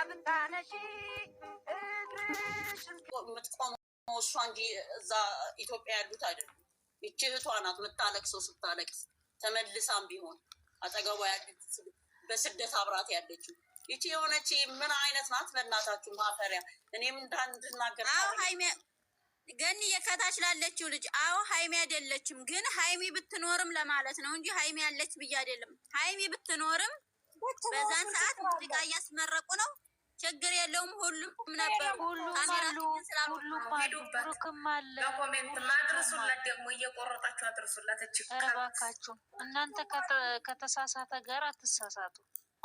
አብታነሺ የምትቆመው እሷ እንጂ እዛ ኢትዮጵያ ያሉት አይደሉም። ይቺ እህቷ ናት የምታለቅሰው። ስታለቅስ ተመልሳም ቢሆን አጠገቧ ያለች በስደት አብራት ያለችው ይቺ የሆነች ምን አይነት ናት? ለእናታችሁ ማፈሪያ። እኔም እንዳንድናገር ገኒ የከታች ላለችው ልጅ አዎ ሀይሚ አይደለችም፣ ግን ሀይሚ ብትኖርም ለማለት ነው እንጂ ሀይሚ ያለች ብዬ አይደለም። ሀይሚ ብትኖርም በዛን ሰዓት ሙዚቃ እያስመረቁ ነው ችግር የለውም። ሁሉም ቁም ነበር። ሁሉም አሉ። ብሩክም አለ። በኮሜንትማ አድርሱላት፣ ደግሞ እየቆረጣችሁ አድርሱላት። እባካችሁ እናንተ ከተሳሳተ ጋር አትሳሳቱ።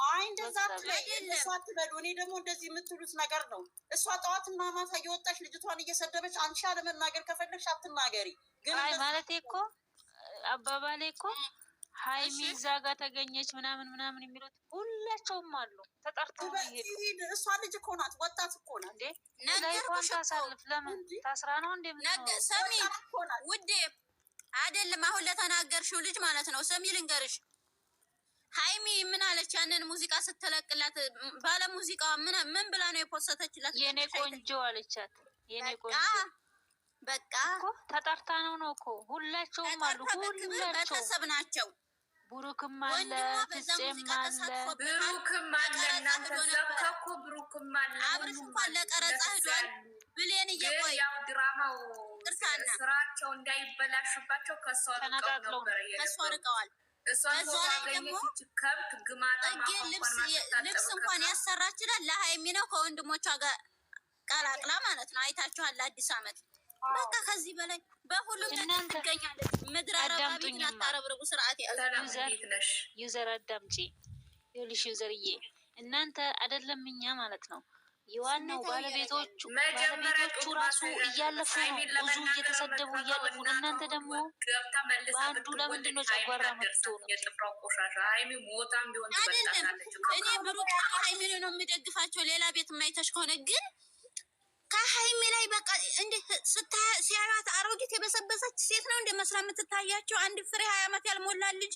አይ እንደዛ አትበሉ። እኔ ደግሞ እንደዚህ የምትሉት ነገር ነው። እሷ ጠዋት ጠዋትና ማታ እየወጣች ልጅቷን እየሰደበች፣ አንቺ አለመናገር ከፈለግሽ አትናገሪ። ግን ማለት እኮ አባባሌ እኮ ሀይሚ እዛ ጋር ተገኘች ምናምን ምናምን የሚሉት ሁላቸውም አሉ። ተጠርተው ሄዱ። እሷ ልጅ እኮ ናት፣ ወጣት እኮ ናት። ላይቷን ታሳልፍ ለምን ታስራ ነው እንደ ሰሚ ውዴ፣ አይደለም አሁን ለተናገርሽው ልጅ ማለት ነው። ሰሚ ልንገርሽ፣ ሀይሚ ምን አለች? ያንን ሙዚቃ ስትለቅላት ባለ ሙዚቃዋ ምን ብላ ነው የፖሰተችላት? የኔ ቆንጆ አለቻት። የኔ ቆንጆ በቃ ተጠርታ ነው ነው እኮ ሁላቸውም አሉ። ሁላቸው ቤተሰብ ናቸው። ብሩክም አለ ፍፄም አለ ብሩክም አለ እናንተ ብሩክም አለ አብርሽ እንኳን ለቀረጻ ብሌን እየቆይ ያው ድራማው ስራቸው እንዳይበላሽባቸው ርቀው ርቀዋል። ደግሞ ከብት ግማጣ ልብስ እንኳን ያሰራችላል ለሀይሚ ነው ከወንድሞቿ ጋር ቀላቅላ ማለት ነው። አይታችኋል አመት በቃ ከዚህ በላይ በሁሉም ትገኛለች። ምድር አረባቢትን አታረብርቡ። ስርዓት ያዘ ዩዘር አዳምጪ፣ ይኸውልሽ ዩዘርዬ፣ እናንተ አይደለም እኛ ማለት ነው የዋናው ባለቤቶቹ ባለቤቶቹ ራሱ እያለፉ ነው፣ ብዙ እየተሰደቡ እያለፉ እናንተ ደግሞ በአንዱ ለምንድን ነው ጨጓራ መጥቶ ነው? አይደለም እኔ ብሩቅ ሀይሚን ነው የምደግፋቸው። ሌላ ቤት የማይተሽ ከሆነ ግን ከሀይሚ ላይ በቃ እንደ ሲያዩት አሮጊት የበሰበሰች ሴት ነው እንደ መስላ የምትታያቸው አንድ ፍሬ ሀያ ዓመት ያልሞላ ልጅ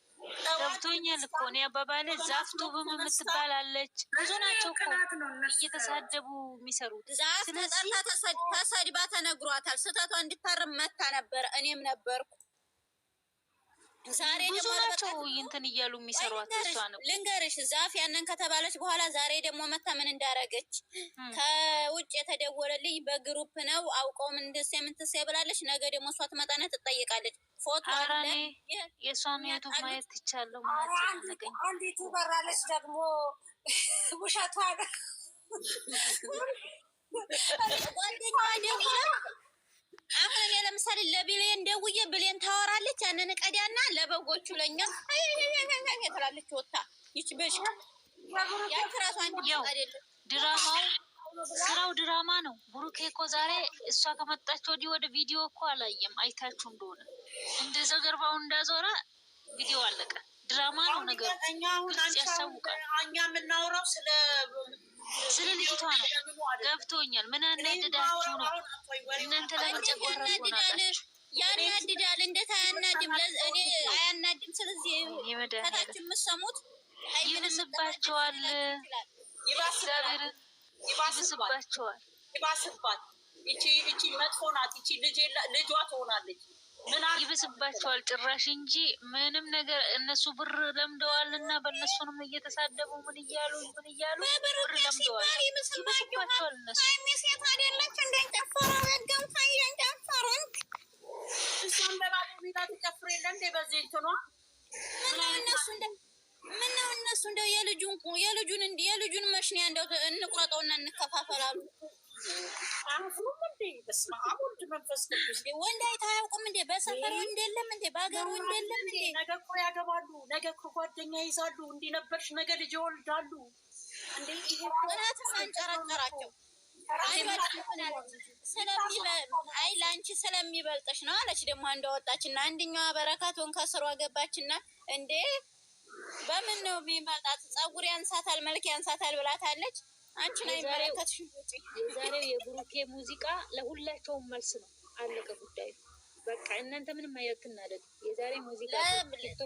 ገብቶኛል እኮ እኔ አባባለ ዛፍቶብም የምትባል አለች። ብዙ ናቸው እኮ እየተሳደቡ የሚሰሩት። ተሰድባ ተነግሯታል። ስህተቷ እንድታርም መታ ነበር። እኔም ነበርኩ ዛሬ ብዙ ናቸው እንትን እያሉ የሚሰሯት። ልንገርሽ ዛፍ ያንን ከተባለች በኋላ ዛሬ ደግሞ መታ ምን እንዳረገች ከውጭ የተደወለልኝ በግሩፕ ነው አውቀውም እንድስ የምንትስ ብላለች። ነገ ደግሞ እሷ ትመጣና ትጠይቃለች። ፎቶ የእሷን ዩቱብ ማየት ትቻለሁ። አንዲቱ በራለች ደግሞ ውሸቷ ጓደኛ ደግሞ አሁን እኔ ለምሳሌ ለብሌን ደውዬ ብሌን ታወራለች። ያንን ቀዳና ለበጎቹ ለኛ ትላለች። ወታ ይች በሽ ያንቺ አንድ ድራማው ስራው ድራማ ነው። ብሩኬ እኮ ዛሬ እሷ ከመጣች ወዲህ ወደ ቪዲዮ እኮ አላየም። አይታችሁ እንደሆነ እንደዛ ገርባውን እንዳዞረ ቪዲዮ አለቀ። ድራማ ነው ነገሩ። ያሳውቃል። እኛ ስለ ስለ ልጅቷ ነው። ገብቶኛል። ምን አናድዳችሁ ነው እናንተ? ላይ ጨጓራ ያን ያድዳል። እንዴት አያናድም? እኔ አያናድም። ስለዚህ ከታች የምሰሙት ይብስባቸዋል፣ ይባስባቸዋል፣ ይባስባት። ይቺ መጥፎ ናት። ይቺ ልጇ ትሆናለች ይብስባቸዋል ጭራሽ እንጂ ምንም ነገር እነሱ ብር ለምደዋል እና በእነሱንም እየተሳደቡ ምን እያሉ ምን እያሉ ብር ለምደዋል። ይብስባቸዋል እነሱ ምነው እነሱ እንደው የልጁን የልጁን እንዲህ የልጁን መሽንያ እንደው እንቁረጠውና እንከፋፈላሉ መንፈስ ቅዱስ ወንድ አይተህ አያውቁም እንዴ? በሰፈር ወንድ የለም እንዴ? በሀገር ወንድ የለም እንዴ? ነገ እኮ ያገባሉ፣ ነገ እኮ ጓደኛ ይይዛሉ። እንዲህ ነበርሽ፣ ነገ ልጅ ይወልዳሉ። እናትም አንጨረጨራቸው። አይ ለአንቺ ስለሚበልጥሽ ነው አለች። ደግሞ አንዷ ወጣችና አንድኛዋ በረካቶን ከስሯ ገባችና እንዴ በምን ነው የሚመጣት? ፀጉር ያንሳታል፣ መልክ ያንሳታል ብላታለች። አንቺ ነው ይመለከትሽ። የዛሬው የብሩኬ ሙዚቃ ለሁላቸውም መልስ ነው። አለቀ ጉዳዩ። በቃ እናንተ ምንም አይረክናለች። የዛሬ ሙዚቃ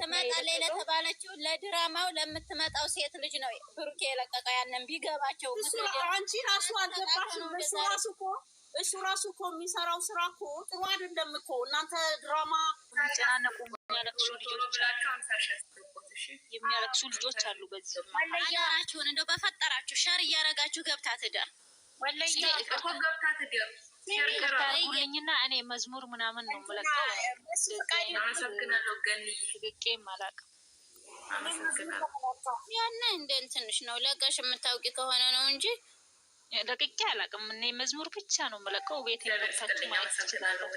ትመጣለች ለተባለችው ለድራማው ለምትመጣው ሴት ልጅ ነው ብሩኬ የለቀቀ ያንን ቢገባቸው። አንቺ ራሱ ነው እሱ ራሱ እኮ እሱ ራሱ እኮ የሚሰራው ስራ እኮ ጥሩ አይደለም እኮ እናንተ ድራማ ጨናነቁ የሚያለቅሱ ልጆች የሚያለቅሱ ልጆች አሉ። በዚህ አደራችሁን እንደው በፈጠራችሁ ሸር እያረጋችሁ ገብታ ትደር ይገኝና እኔ መዝሙር ምናምን ነው የምለቀው። ማላቅ አላውቅም። ያን እንደን ትንሽ ነው ለቀሽ የምታውቂ ከሆነ ነው እንጂ ለቅቄ አላውቅም። እኔ መዝሙር ብቻ ነው የምለቀው። ቤት ታችሁ ማለት ትችላለሁ።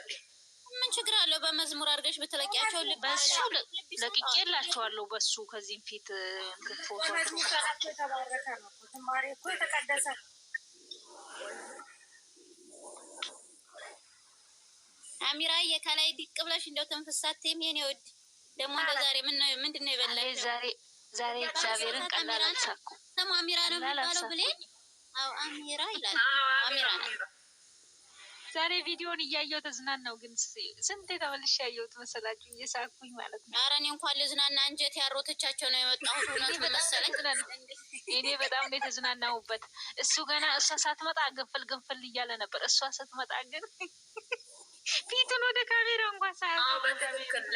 ምን ችግር አለው? በመዝሙር አድርገሽ ብትለቂያቸው በሱ ለቅቄ ላቸዋለሁ። በሱ ከዚህም ፊት አሚራዬ ከላይ ድቅ ብለሽ እንደው ተንፍሳቴም የኔ ወድ ደግሞ እንደ ዛሬ ምንድን ነው የበላሽ? ዛሬ ዛሬ እግዚአብሔርን ቀላል አልሳኩም። አሚራ ነው የሚባለው ብሌን። አሚራ ይላል። አሚራ ነው ዛሬ ቪዲዮን እያየው ተዝናናው፣ ግን ስንት የተመልሽ ያየሁት መሰላችሁ? እየሳኩኝ ማለት ነው። ኧረ እኔ እንኳን ልዝናና እንጀት ያሮተቻቸው ነው የመጣሁት። እውነት በመሰለኝ እኔ በጣም ነው የተዝናናሁበት። እሱ ገና እሷ ሳትመጣ ግንፍል ግንፍል እያለ ነበር። እሷ ስትመጣ ግን ፊቱን ወደ ካሜራ እንኳን ሳያ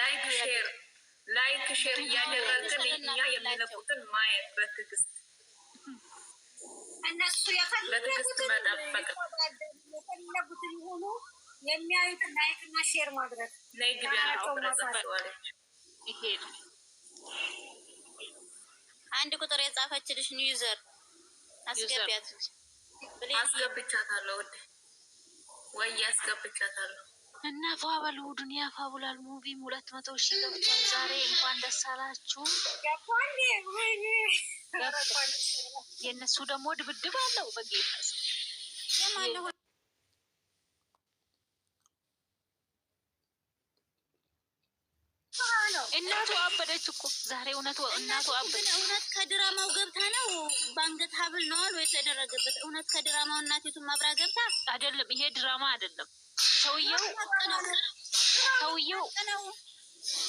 ላይክ ሼር ላይክ ሼር እያደረግን እኛ የሚለቁትን ማየት በትዕግስት እነሱ የፈለጉትን መጠበቅ የሚፈልጉትን የሚያዩትን ሼር ማድረግ አንድ ቁጥር የጻፈችልሽ ዩዘር አስገቢያት። አስገብቻታለሁ ወይ አስገብቻታለሁ። እና ፏበል ውዱን ሁለት መቶ ሺ ገብቷል ዛሬ። እንኳን ደስ አላችሁ። የእነሱ ደግሞ ድብድብ አለው በጌታ እናቱ አበደች እኮ ዛሬ። እውነቱ እናቱ አበደች። እውነት ከድራማው ገብታ ነው በአንገት ሀብል ነዋል ወይ የተደረገበት? እውነት ከድራማው እናቴቱ ማብራ ገብታ አይደለም። ይሄ ድራማ አይደለም። ሰውየው ሰውየው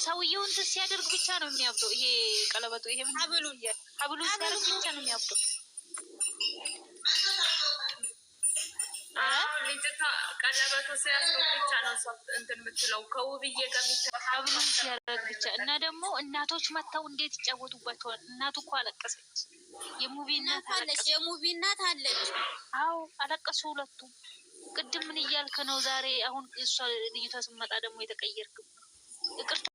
ሰውየው እንትን ሲያደርግ ብቻ ነው የሚያብደው። ይሄ ቀለበቱ ይሄ ሀብሉን ሀብሉ ሲያደርግ ብቻ ነው የሚያብደው። ልጅቷ ቀለበቱ ብቻ ነው የምትለው ከውብዬ ጋር ብቻ እና ደግሞ እናቶች መጥተው እንዴት ይጫወቱበታል። እናቱ እኮ አለቀሰች። የሙቪ እናት አለች። የሙቪ እናት አለች። አዎ አለቀሱ ሁለቱም። ቅድም ምን እያልክ ነው ዛሬ? አሁን እሷ ልጅቷ ስመጣ ደግሞ የተቀየርክም ይቅርታ